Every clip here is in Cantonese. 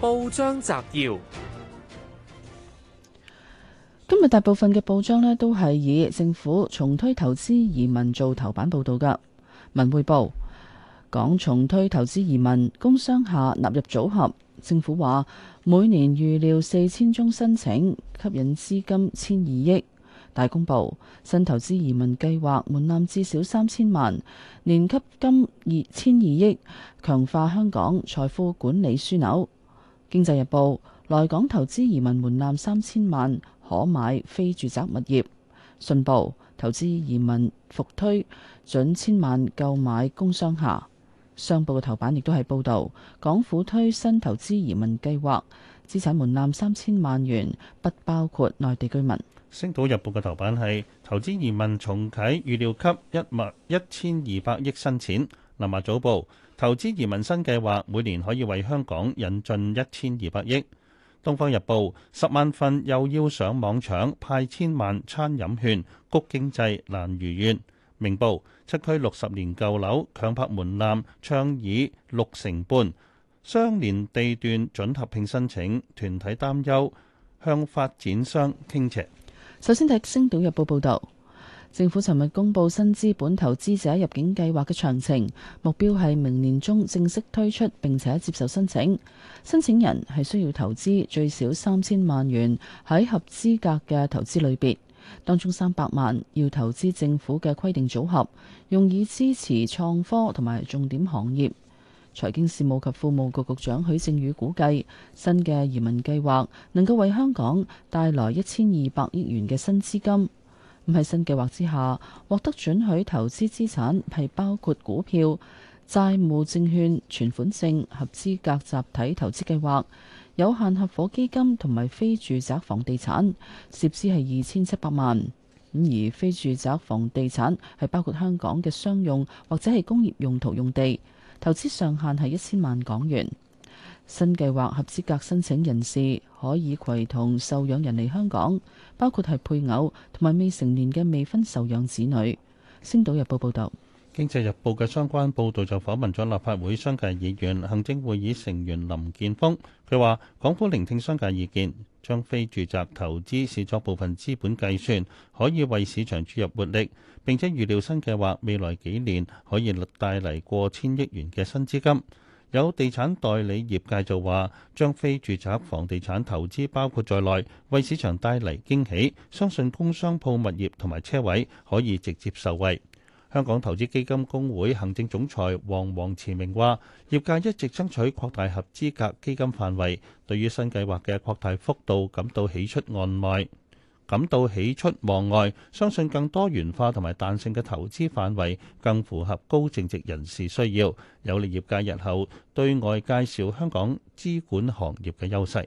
報章摘要：今日大部分嘅報章咧都係以政府重推投資移民做頭版報道噶。文匯報，港重推投資移民，工商下納入組合。政府話每年預料四千宗申請，吸引資金千二億。大公報新投資移民計劃門檻至少三千萬，年給金千二億，強化香港財富管理樞紐。經濟日報，來港投資移民門檻三千萬，可買非住宅物業，信報投資移民復推準千萬購買工商廈，商報嘅頭版亦都係報道港府推新投資移民計劃，資產門檻三千萬元，不包括內地居民。星島日報嘅頭版係投資移民重啟，預料吸一萬一千二百億新錢。南華早報。投資移民新計劃每年可以為香港引進一千二百億。《東方日報》十萬份又要上網搶，派千萬餐飲券，谷經濟難如願。《明報》七區六十年舊樓強拍門檻，倡議六成半，相連地段準合併申請，團體擔憂向發展商傾斜。首先睇《星島日報》報道。政府尋日公布新資本投資者入境計劃嘅詳情，目標係明年中正式推出並且接受申請。申請人係需要投資最少三千萬元喺合資格嘅投資類別，當中三百萬要投資政府嘅規定組合，用以支持創科同埋重點行業。財經事務及庫務局局長許正宇估計，新嘅移民計劃能夠為香港帶來一千二百億元嘅新資金。喺新計劃之下，獲得准許投資資產係包括股票、債務證券、存款證、合資格集體投資計劃、有限合夥基金同埋非住宅房地產，涉資係二千七百萬。咁而非住宅房地產係包括香港嘅商用或者係工業用途用地，投資上限係一千萬港元。新計劃合資格申請人士可以攜同受養人嚟香港，包括係配偶同埋未成年嘅未婚受養子女。星島日報報道，《經濟日報》嘅相關報導就訪問咗立法會商界議員、行政會議成員林健鋒，佢話：港府聆聽商界意見，將非住宅投資視作部分資本計算，可以為市場注入活力。並且預料新計劃未來幾年可以帶嚟過千億元嘅新資金。有地產代理業界就話，將非住宅房地產投資包括在內，為市場帶嚟驚喜，相信工商鋪物業同埋車位可以直接受惠。香港投資基金公會行政總裁黃黃慈明話，業界一直爭取擴大合資格基金範圍，對於新計劃嘅擴大幅度感到喜出望外。感到喜出望外，相信更多元化同埋彈性嘅投資範圍更符合高淨值人士需要，有利業界日後對外介紹香港資管行業嘅優勢。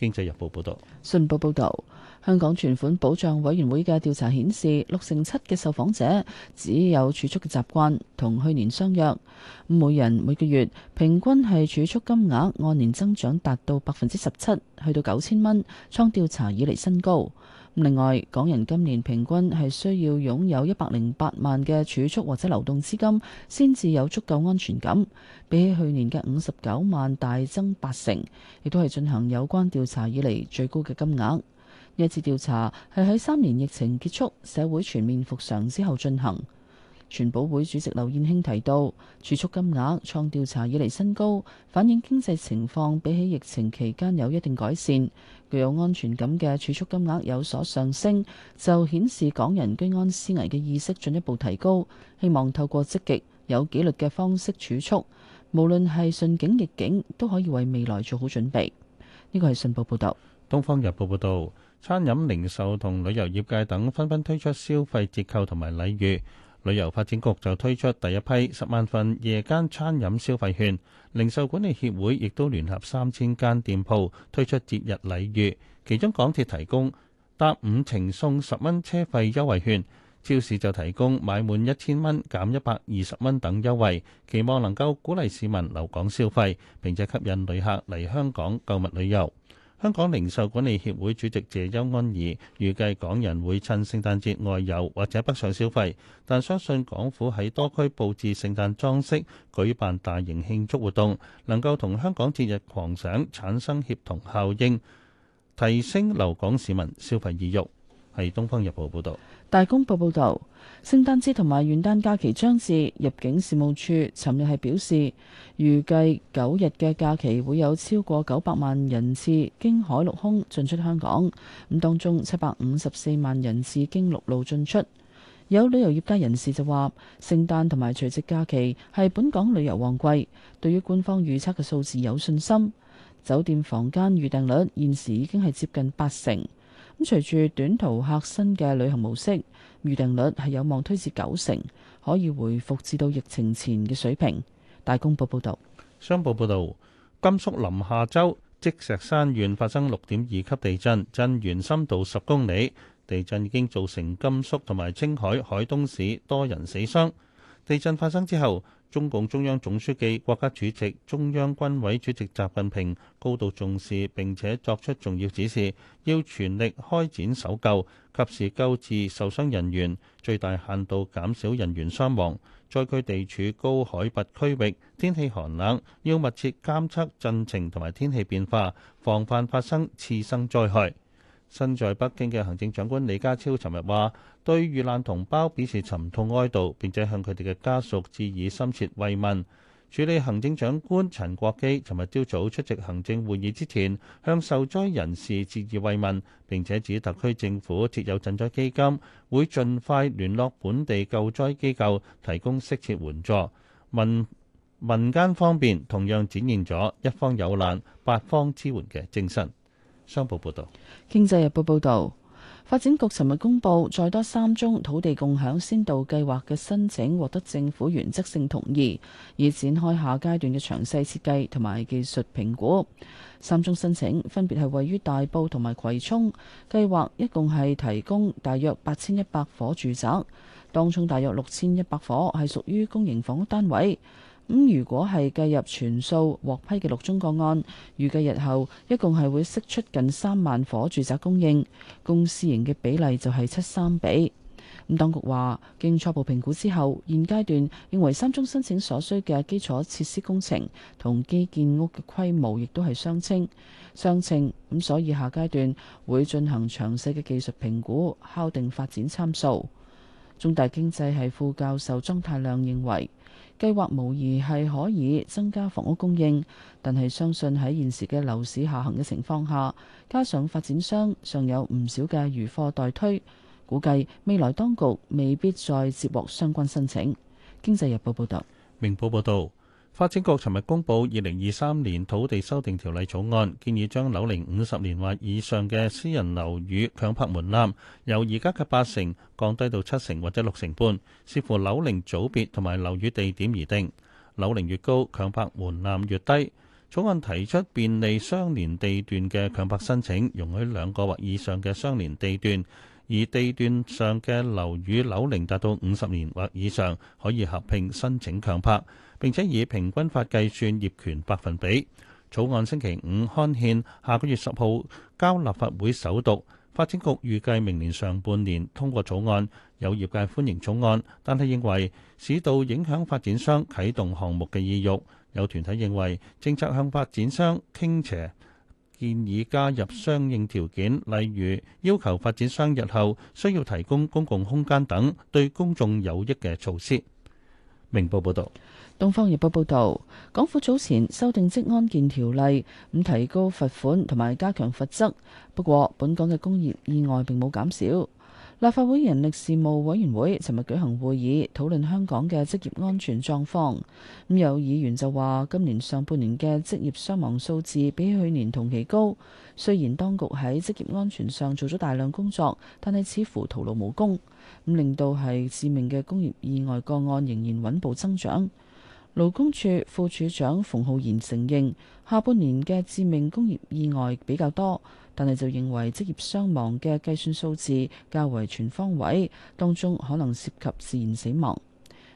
經濟日報報道，信報報道，香港存款保障委員會嘅調查顯示，六成七嘅受訪者只有儲蓄嘅習慣同去年相若，每人每個月平均係儲蓄金額按年增長達到百分之十七，去到九千蚊，創調查以嚟新高。另外，港人今年平均係需要擁有一百零八萬嘅儲蓄或者流動資金，先至有足夠安全感，比起去年嘅五十九萬大增八成，亦都係進行有關調查以嚟最高嘅金額，呢一次調查係喺三年疫情結束、社會全面復常之後進行。全保會主席劉燕卿提到，儲蓄金額創調查以嚟新高，反映經濟情況比起疫情期間有一定改善。具有安全感嘅儲蓄金額有所上升，就顯示港人居安思危嘅意識進一步提高。希望透過積極有紀律嘅方式儲蓄，無論係順境逆境，都可以為未來做好準備。呢個係信報報道，《東方日報》報道，餐飲、零售同旅遊業界等紛紛推出消費折扣同埋禮遇。旅遊發展局就推出第一批十萬份夜間餐飲消費券，零售管理協會亦都聯合三千間店鋪推出節日禮遇，其中港鐵提供搭五程送十蚊車費優惠券，超市就提供買滿一千蚊減一百二十蚊等優惠，期望能夠鼓勵市民留港消費，並且吸引旅客嚟香港購物旅遊。香港零售管理協會主席謝邱安儀預計港人會趁聖誕節外遊或者北上消費，但相信港府喺多區布置聖誕裝飾，舉辦大型慶祝活動，能夠同香港節日狂想產生協同效應，提升留港市民消費意欲。係《東方日報》報道，《大公報》報道，聖誕節同埋元旦假期將至，入境事務處尋日係表示，預計九日嘅假期會有超過九百萬人次經海陸空進出香港，咁當中七百五十四萬人次經陸路進出。有旅遊業界人士就話，聖誕同埋除夕假期係本港旅遊旺季，對於官方預測嘅數字有信心。酒店房間預訂率現時已經係接近八成。隨住短途客新嘅旅行模式，預定率係有望推至九成，可以回復至到疫情前嘅水平。大公報報道，商報報道，甘肅臨夏州積石山縣發生六點二級地震，震源深度十公里，地震已經造成甘肅同埋青海海東市多人死傷。地震發生之後，中共中央總書記、國家主席、中央軍委主席習近平高度重視，並且作出重要指示，要全力開展搜救，及時救治受傷人員，最大限度減少人員傷亡。災區地處高海拔區域，天氣寒冷，要密切監測震情同埋天氣變化，防範發生次生災害。身在北京嘅行政長官李家超尋日話對遇難同胞表示沉痛哀悼，並且向佢哋嘅家屬致以深切慰問。署理行政長官陳國基尋日朝早出席行政會議之前，向受災人士致以慰問，並且指特區政府設有賑災基金，會盡快聯絡本地救災機構提供適切援助。民民間方面同樣展現咗一方有難，八方支援嘅精神。商報報道，《經濟日報》報道，發展局尋日公布，再多三宗土地共享先導計劃嘅申請獲得政府原則性同意，以展開下階段嘅詳細設計同埋技術評估。三宗申請分別係位於大埔同埋葵涌，計劃一共係提供大約八千一百伙住宅，當中大約六千一百伙係屬於公營房屋單位。咁如果係計入全數獲批嘅六宗個案，預計日後一共係會釋出近三萬伙住宅供應，公私營嘅比例就係七三比。咁當局話，經初步評估之後，現階段認為三宗申請所需嘅基礎設施工程同基建屋嘅規模亦都係相稱，相稱。咁所以下階段會進行詳細嘅技術評估，敲定發展參數。中大經濟系副教授莊太亮認為。計劃無疑係可以增加房屋供應，但係相信喺現時嘅樓市下行嘅情況下，加上發展商尚有唔少嘅餘貨待推，估計未來當局未必再接獲相關申請。經濟日報報道。明報報道。發展局尋日公佈《二零二三年土地修訂條例草案》，建議將樓齡五十年或以上嘅私人樓宇強拍門檻由而家嘅八成降低到七成或者六成半，視乎樓齡組別同埋樓宇地點而定。樓齡越高，強拍門檻越低。草案提出便利相連地段嘅強拍申請，容許兩個或以上嘅相連地段，而地段上嘅樓宇樓齡達到五十年或以上，可以合併申請強拍。並且以平均法計算業權百分比。草案星期五刊憲，下個月十號交立法會首讀。發展局預計明年上半年通過草案。有業界歡迎草案，但係認為市道影響發展商啟動項目嘅意欲。有團體認為政策向發展商傾斜，建議加入相應條件，例如要求發展商日後需要提供公共空間等對公眾有益嘅措施。明報報導，東方日報報導，港府早前修訂職安健條例，咁提高罰款同埋加強罰則。不過，本港嘅工業意外並冇減少。立法會人力事務委員會尋日舉行會議，討論香港嘅職業安全狀況。咁有議員就話，今年上半年嘅職業傷亡數字比去年同期高。雖然當局喺職業安全上做咗大量工作，但係似乎徒勞無功，咁令到係致命嘅工業意外個案仍然穩步增長。勞工處副處長馮浩然承認，下半年嘅致命工業意外比較多。但係就認為職業傷亡嘅計算數字較為全方位，當中可能涉及自然死亡。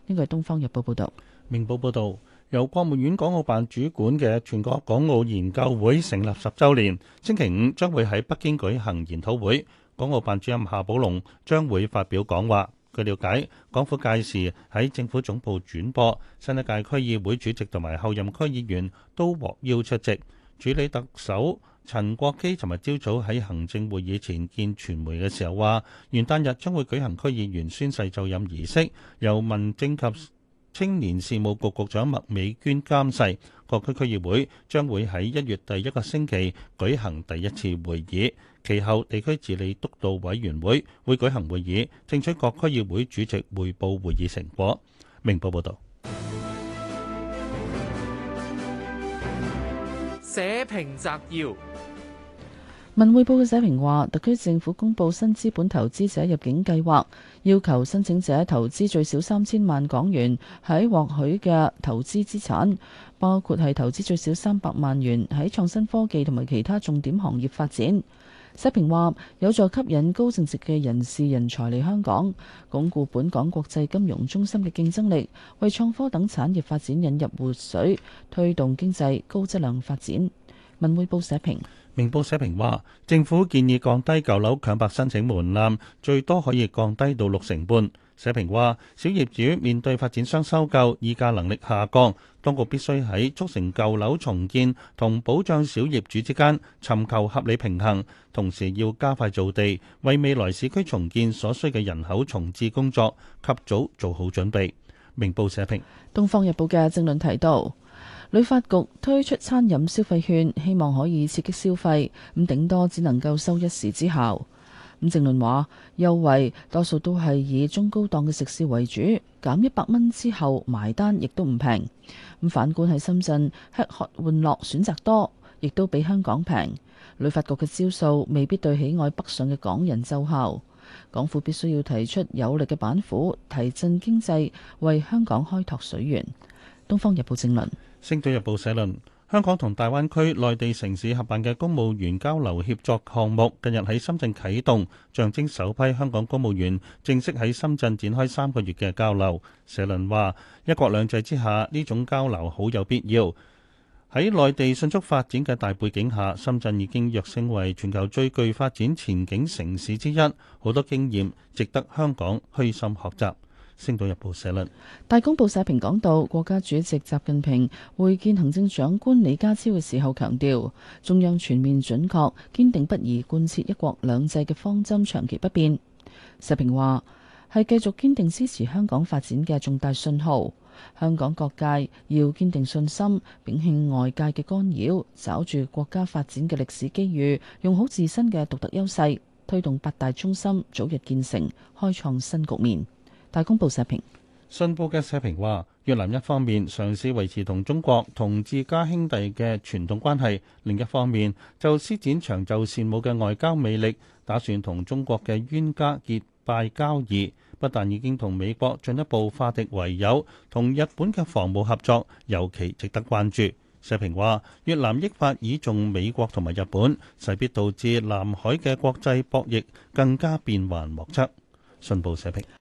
呢個係《東方日報》報道，《明報》報道由國務院港澳辦主管嘅全國港澳研究會成立十週年，星期五將會喺北京舉行研討會，港澳辦主任夏寶龍將會發表講話。據了解，港府屆時喺政府總部轉播，新一屆區議會主席同埋後任區議員都獲邀出席，處理特首。陳國基尋日朝早喺行政會議前見傳媒嘅時候話，元旦日將會舉行區議員宣誓就任儀式，由民政及青年事務局局長麥美娟監誓。各區區議會將會喺一月第一個星期舉行第一次會議，其後地區治理督導委員會會舉行會議，聽取各區議會主席匯報會議成果。明報報道，社評摘要。文匯報嘅社評話，特區政府公布新資本投資者入境計劃，要求申請者投資最少三千萬港元喺獲許嘅投資資產，包括係投資最少三百萬元喺創新科技同埋其他重點行業發展。社評話，有助吸引高淨值嘅人士人才嚟香港，鞏固本港國際金融中心嘅競爭力，為創科等產業發展引入活水，推動經濟高質量發展。文匯報社評。明報社評話，政府建議降低舊樓強拍申請門檻，最多可以降低到六成半。社評話，小業主面對發展商收購，議價能力下降，當局必須在促成舊樓重建，同保障小業主之間，尋求合理平衡，同時要加快造地，為未來市區重建所需的人口重置工作，及早做好準備。明報社評。東方日報的正論提到，旅發局推出餐飲消費券，希望可以刺激消費，咁頂多只能夠收一時之效。咁正論話，優惠多數都係以中高檔嘅食肆為主，減一百蚊之後埋單亦都唔平。咁反觀喺深圳吃喝玩樂選擇多，亦都比香港平。旅發局嘅招數未必對喜愛北上嘅港人奏效，港府必須要提出有力嘅板斧，提振經濟，為香港開拓水源。《東方日報》正論。《星島日報》社論：香港同大灣區內地城市合辦嘅公務員交流協作項目，近日喺深圳啟動，象徵首批香港公務員正式喺深圳展開三個月嘅交流。社論話：一國兩制之下，呢種交流好有必要。喺內地迅速發展嘅大背景下，深圳已經躍升為全球最具發展前景城市之一，好多經驗值得香港虛心學習。《星島日報》社論。大公報社評講到，國家主席習近平會見行政長官李家超嘅時候，強調中央全面準確、堅定不移貫徹一國兩制嘅方針長期不變。社評話係繼續堅定支持香港發展嘅重大信號。香港各界要堅定信心，摒棄外界嘅干擾，抓住國家發展嘅歷史機遇，用好自身嘅獨特優勢，推動八大中心早日建成，開創新局面。大公報社評。信報嘅社評話：越南一方面嘗試維持同中國同自家兄弟嘅傳統關係，另一方面就施展長袖善舞嘅外交魅力，打算同中國嘅冤家結拜交易。不但已經同美國進一步化敵為友，同日本嘅防務合作尤其值得關注。社評話：越南益發倚重美國同埋日本，勢必導致南海嘅國際博弈更加變幻莫測。信報社評。